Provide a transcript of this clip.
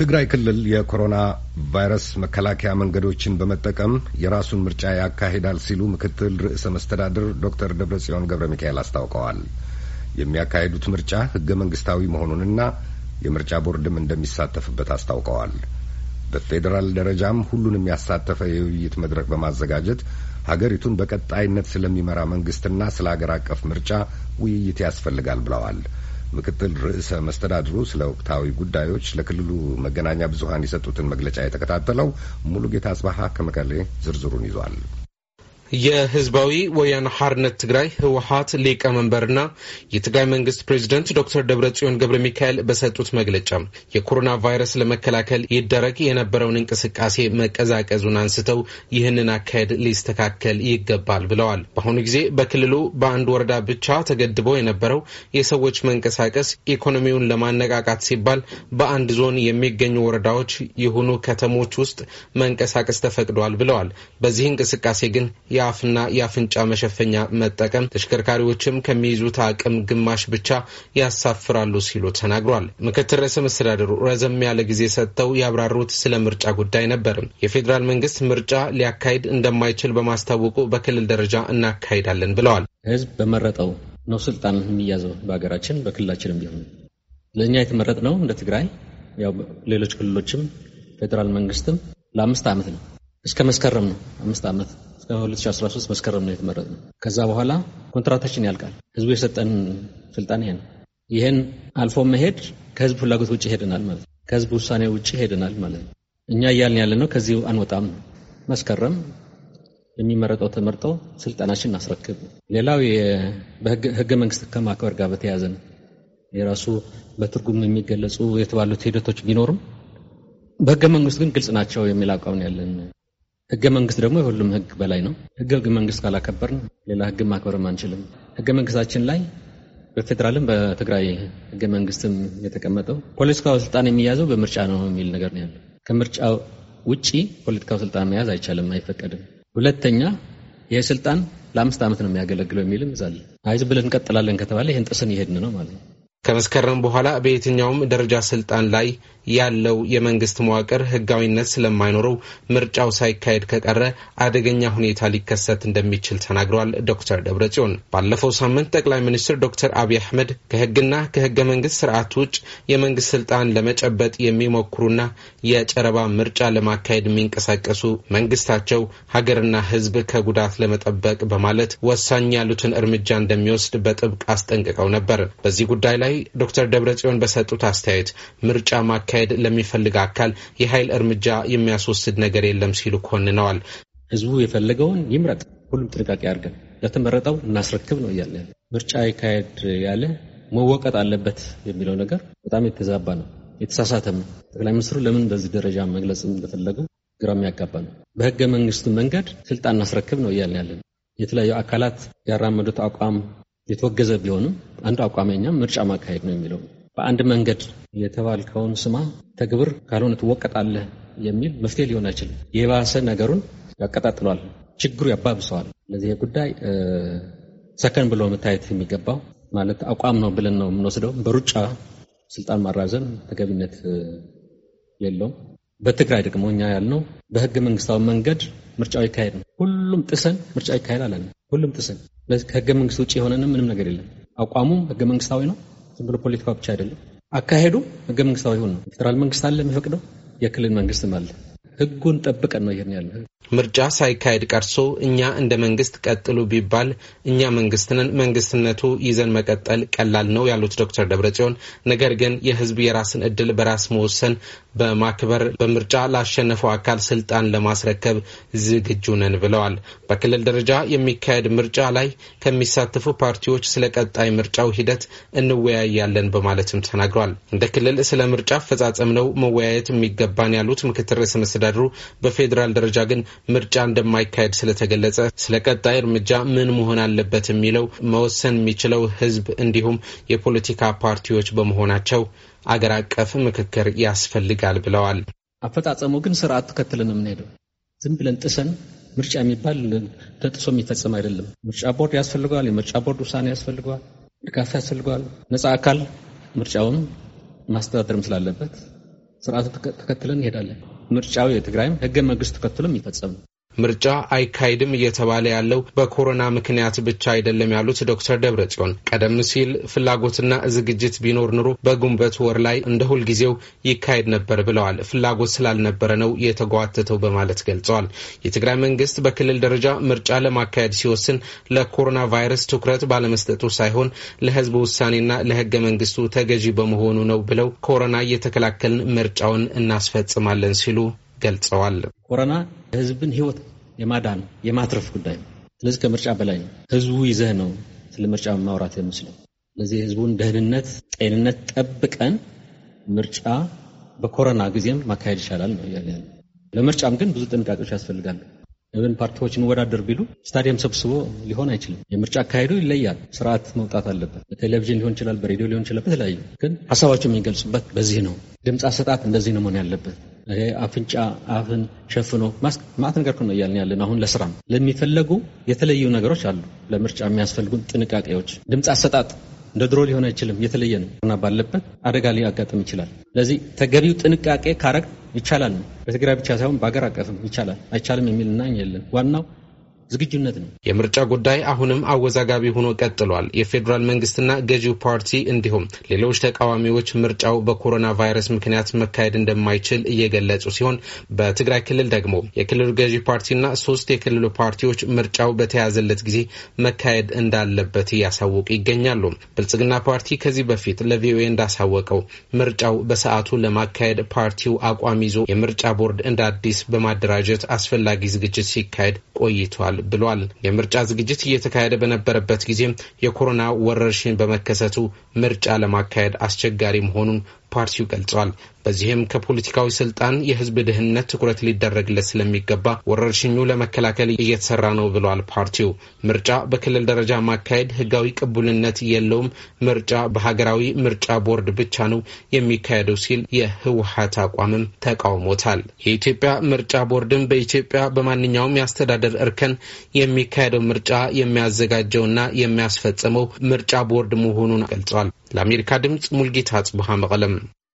ትግራይ ክልል የኮሮና ቫይረስ መከላከያ መንገዶችን በመጠቀም የራሱን ምርጫ ያካሂዳል ሲሉ ምክትል ርዕሰ መስተዳድር ዶክተር ደብረጽዮን ገብረ ሚካኤል አስታውቀዋል። የሚያካሂዱት ምርጫ ህገ መንግስታዊ መሆኑንና የምርጫ ቦርድም እንደሚሳተፍበት አስታውቀዋል። በፌዴራል ደረጃም ሁሉንም ያሳተፈ የውይይት መድረክ በማዘጋጀት ሀገሪቱን በቀጣይነት ስለሚመራ መንግስትና ስለ ሀገር አቀፍ ምርጫ ውይይት ያስፈልጋል ብለዋል። ምክትል ርዕሰ መስተዳድሩ ስለ ወቅታዊ ጉዳዮች ለክልሉ መገናኛ ብዙኃን የሰጡትን መግለጫ የተከታተለው ሙሉጌታ አጽባሀ ከመቀሌ ዝርዝሩን ይዟል። የህዝባዊ ወያነ ሀርነት ትግራይ ህወሀት ሊቀመንበርና የትግራይ መንግስት ፕሬዚደንት ዶክተር ደብረጽዮን ገብረ ሚካኤል በሰጡት መግለጫ የኮሮና ቫይረስ ለመከላከል ይደረግ የነበረውን እንቅስቃሴ መቀዛቀዙን አንስተው ይህንን አካሄድ ሊስተካከል ይገባል ብለዋል። በአሁኑ ጊዜ በክልሉ በአንድ ወረዳ ብቻ ተገድበው የነበረው የሰዎች መንቀሳቀስ ኢኮኖሚውን ለማነቃቃት ሲባል በአንድ ዞን የሚገኙ ወረዳዎች የሆኑ ከተሞች ውስጥ መንቀሳቀስ ተፈቅደዋል ብለዋል። በዚህ እንቅስቃሴ ግን የአፍና የአፍንጫ መሸፈኛ መጠቀም ተሽከርካሪዎችም ከሚይዙት አቅም ግማሽ ብቻ ያሳፍራሉ ሲሉ ተናግሯል። ምክትል ርዕሰ መስተዳድሩ ረዘም ያለ ጊዜ ሰጥተው ያብራሩት ስለ ምርጫ ጉዳይ ነበር። የፌዴራል መንግስት ምርጫ ሊያካሂድ እንደማይችል በማስታወቁ በክልል ደረጃ እናካሄዳለን ብለዋል። ህዝብ በመረጠው ነው ስልጣን የሚያዘው በሀገራችን በክልላችንም ቢሆን ለእኛ የተመረጥ ነው እንደ ትግራይ ያው ሌሎች ክልሎችም ፌዴራል መንግስትም ለአምስት ዓመት ነው። እስከ መስከረም ነው አምስት ዓመት 2013 መስከረም ነው የተመረጥነው። ከዛ በኋላ ኮንትራታችን ያልቃል። ህዝቡ የሰጠን ስልጣን ይሄ ነው። ይህን አልፎ መሄድ ከህዝብ ፍላጎት ውጭ ሄደናል ማለት ነው። ከህዝብ ውሳኔ ውጭ ሄደናል ማለት ነው። እኛ እያልን ያለ ነው ከዚህ አንወጣም ነው። መስከረም የሚመረጠው ተመርጦ ስልጠናችን እናስረክብ። ሌላው በህገ መንግስት ከማክበር ጋር በተያያዘ ነው። የራሱ በትርጉም የሚገለጹ የተባሉት ሂደቶች ቢኖርም በህገ መንግስቱ ግን ግልጽ ናቸው የሚል አቋም ያለን ህገ መንግስት ደግሞ የሁሉም ህግ በላይ ነው። ህገ ህገ መንግስት ካላከበርን ሌላ ህግ ማክበርም አንችልም። ህገ መንግስታችን ላይ በፌዴራልም በትግራይ ህገ መንግስትም የተቀመጠው ፖለቲካው ስልጣን የሚያዘው በምርጫ ነው የሚል ነገር ነው ያለው። ከምርጫው ውጪ ፖለቲካው ስልጣን መያዝ አይቻልም፣ አይፈቀድም። ሁለተኛ ይህ ስልጣን ለአምስት ዓመት ነው የሚያገለግለው የሚልም ዛለ አይዝ ብለን እንቀጥላለን ከተባለ ይህን ጥስን ይሄድን ነው ማለት ነው። ከመስከረም በኋላ በየትኛውም ደረጃ ስልጣን ላይ ያለው የመንግስት መዋቅር ህጋዊነት ስለማይኖረው ምርጫው ሳይካሄድ ከቀረ አደገኛ ሁኔታ ሊከሰት እንደሚችል ተናግረዋል። ዶክተር ደብረጽዮን ባለፈው ሳምንት ጠቅላይ ሚኒስትር ዶክተር አብይ አህመድ ከህግና ከህገ መንግስት ስርዓት ውጭ የመንግስት ስልጣን ለመጨበጥ የሚሞክሩና የጨረባ ምርጫ ለማካሄድ የሚንቀሳቀሱ መንግስታቸው ሀገርና ህዝብ ከጉዳት ለመጠበቅ በማለት ወሳኝ ያሉትን እርምጃ እንደሚወስድ በጥብቅ አስጠንቅቀው ነበር። በዚህ ጉዳይ ላይ ዶክተር ደብረጽዮን በሰጡት አስተያየት ምርጫ ለማካሄድ ለሚፈልግ አካል የኃይል እርምጃ የሚያስወስድ ነገር የለም ሲሉ ኮንነዋል። ህዝቡ የፈለገውን ይምረጥ፣ ሁሉም ጥንቃቄ አድርገን ለተመረጠው እናስረክብ ነው እያለ ምርጫ ይካሄድ ያለ መወቀጥ አለበት የሚለው ነገር በጣም የተዛባ ነው፣ የተሳሳተም ነው። ጠቅላይ ሚኒስትሩ ለምን በዚህ ደረጃ መግለጽ እንደፈለጉ ግራ የሚያጋባ ነው። በህገ መንግስቱ መንገድ ስልጣን እናስረክብ ነው እያለ ያለን። የተለያዩ አካላት ያራመዱት አቋም የተወገዘ ቢሆንም አንዱ አቋም ምርጫ ማካሄድ ነው የሚለው በአንድ መንገድ የተባልከውን ስማ፣ ተግብር፣ ካልሆነ ትወቀጣለህ የሚል መፍትሄ ሊሆን አይችልም። የባሰ ነገሩን ያቀጣጥሏል፣ ችግሩ ያባብሰዋል። ለዚህ ጉዳይ ሰከን ብሎ መታየት የሚገባው ማለት አቋም ነው ብለን ነው የምንወስደው። በሩጫ ስልጣን ማራዘም ተገቢነት የለውም። በትግራይ ደግሞ እኛ ያልነው በህገ መንግስታዊ መንገድ ምርጫው ይካሄድ ነው። ሁሉም ጥሰን ምርጫው ይካሄድ አለን። ሁሉም ጥሰን ከህገ መንግስት ውጭ የሆነንም ምንም ነገር የለም። አቋሙም ህገ መንግስታዊ ነው። ዝም ብሎ ፖለቲካ ብቻ አይደለም። አካሄዱ ህገ መንግስታዊ ሆን ነው። ፌዴራል መንግስት አለ የሚፈቅደው፣ የክልል መንግስትም አለ ህጉን ጠብቀን ነው ይሄን ያለ ምርጫ ሳይካሄድ ቀርሶ እኛ እንደ መንግስት ቀጥሉ ቢባል እኛ መንግስትንን መንግስትነቱ ይዘን መቀጠል ቀላል ነው ያሉት ዶክተር ደብረጽዮን ነገር ግን የህዝብ የራስን እድል በራስ መወሰን በማክበር በምርጫ ላሸነፈው አካል ስልጣን ለማስረከብ ዝግጁ ነን ብለዋል። በክልል ደረጃ የሚካሄድ ምርጫ ላይ ከሚሳተፉ ፓርቲዎች ስለ ቀጣይ ምርጫው ሂደት እንወያያለን በማለትም ተናግሯል። እንደ ክልል ስለ ምርጫ አፈጻጸም ነው መወያየት የሚገባን ያሉት ምክትል ርዕሰ አስተዳድሩ በፌዴራል ደረጃ ግን ምርጫ እንደማይካሄድ ስለተገለጸ ስለ ቀጣይ እርምጃ ምን መሆን አለበት የሚለው መወሰን የሚችለው ህዝብ እንዲሁም የፖለቲካ ፓርቲዎች በመሆናቸው አገር አቀፍ ምክክር ያስፈልጋል ብለዋል። አፈጻጸሙ ግን ስርዓት ተከትለን የምንሄደው ዝም ብለን ጥሰን ምርጫ የሚባል ተጥሶ የሚፈጸም አይደለም። ምርጫ ቦርድ ያስፈልገዋል። የምርጫ ቦርድ ውሳኔ ያስፈልገዋል። ድጋፍ ያስፈልገዋል። ነፃ አካል ምርጫውን ማስተዳደርም ስላለበት ስርዓቱ ተከትለን እንሄዳለን። ምርጫው የትግራይም ህገ መንግስት ተከትሎ የሚፈጸም ነው። ምርጫ አይካሄድም እየተባለ ያለው በኮሮና ምክንያት ብቻ አይደለም ያሉት ዶክተር ደብረ ጽዮን ቀደም ሲል ፍላጎትና ዝግጅት ቢኖር ኑሮ በግንቦት ወር ላይ እንደ ሁልጊዜው ይካሄድ ነበር ብለዋል። ፍላጎት ስላልነበረ ነው የተጓተተው በማለት ገልጸዋል። የትግራይ መንግስት በክልል ደረጃ ምርጫ ለማካሄድ ሲወስን ለኮሮና ቫይረስ ትኩረት ባለመስጠቱ ሳይሆን ለህዝብ ውሳኔና ለህገ መንግስቱ ተገዢ በመሆኑ ነው ብለው ኮሮና እየተከላከልን ምርጫውን እናስፈጽማለን ሲሉ ገልጸዋል። ኮረና ህዝብን ህይወት የማዳን የማትረፍ ጉዳይ ነው። ስለዚህ ከምርጫ በላይ ነው። ህዝቡ ይዘህ ነው ስለ ምርጫ ማውራት የምስለው። ስለዚህ የህዝቡን ደህንነት፣ ጤንነት ጠብቀን ምርጫ በኮረና ጊዜም ማካሄድ ይቻላል ነው እያለ ለምርጫም ግን ብዙ ጥንቃቄዎች ያስፈልጋሉ ብን ፓርቲዎች እንወዳደር ቢሉ ስታዲየም ሰብስቦ ሊሆን አይችልም። የምርጫ አካሄዱ ይለያል። ስርዓት መውጣት አለበት። በቴሌቪዥን ሊሆን ይችላል፣ በሬዲዮ ሊሆን ይችላል፣ በተለያዩ ግን ሀሳባቸው የሚገልጹበት በዚህ ነው። ድምፅ አሰጣት እንደዚህ ነው መሆን ያለበት። አፍንጫ፣ አፍን ሸፍኖ ማት ነገር ነው እያልን ያለን። አሁን ለስራም ለሚፈለጉ የተለዩ ነገሮች አሉ። ለምርጫ የሚያስፈልጉን ጥንቃቄዎች፣ ድምፅ አሰጣጥ እንደ ድሮ ሊሆን አይችልም። የተለየ ነው እና ባለበት አደጋ ሊያጋጥም ይችላል። ስለዚህ ተገቢው ጥንቃቄ ካረግ ይቻላል ነው። በትግራይ ብቻ ሳይሆን በአገር አቀፍም ይቻላል። አይቻልም የሚል እና የለን ዋናው ዝግጁነት ነው። የምርጫ ጉዳይ አሁንም አወዛጋቢ ሆኖ ቀጥሏል። የፌዴራል መንግስትና ገዢው ፓርቲ እንዲሁም ሌሎች ተቃዋሚዎች ምርጫው በኮሮና ቫይረስ ምክንያት መካሄድ እንደማይችል እየገለጹ ሲሆን በትግራይ ክልል ደግሞ የክልሉ ገዢ ፓርቲና ሶስት የክልሉ ፓርቲዎች ምርጫው በተያዘለት ጊዜ መካሄድ እንዳለበት እያሳወቁ ይገኛሉ። ብልጽግና ፓርቲ ከዚህ በፊት ለቪኦኤ እንዳሳወቀው ምርጫው በሰዓቱ ለማካሄድ ፓርቲው አቋም ይዞ የምርጫ ቦርድ እንደ አዲስ በማደራጀት አስፈላጊ ዝግጅት ሲካሄድ ቆይቷል ብሏል። የምርጫ ዝግጅት እየተካሄደ በነበረበት ጊዜም የኮሮና ወረርሽኝ በመከሰቱ ምርጫ ለማካሄድ አስቸጋሪ መሆኑን ፓርቲው ገልጿል። በዚህም ከፖለቲካዊ ስልጣን የህዝብ ድህነት ትኩረት ሊደረግለት ስለሚገባ ወረርሽኙ ለመከላከል እየተሰራ ነው ብሏል። ፓርቲው ምርጫ በክልል ደረጃ ማካሄድ ህጋዊ ቅቡልነት የለውም፣ ምርጫ በሀገራዊ ምርጫ ቦርድ ብቻ ነው የሚካሄደው ሲል የህወሀት አቋምም ተቃውሞታል። የኢትዮጵያ ምርጫ ቦርድም በኢትዮጵያ በማንኛውም የአስተዳደር እርከን የሚካሄደው ምርጫ የሚያዘጋጀውና የሚያስፈጽመው ምርጫ ቦርድ መሆኑን ገልጿል። ለአሜሪካ ድምፅ ሙልጌታ ጽቡሃ መቐለም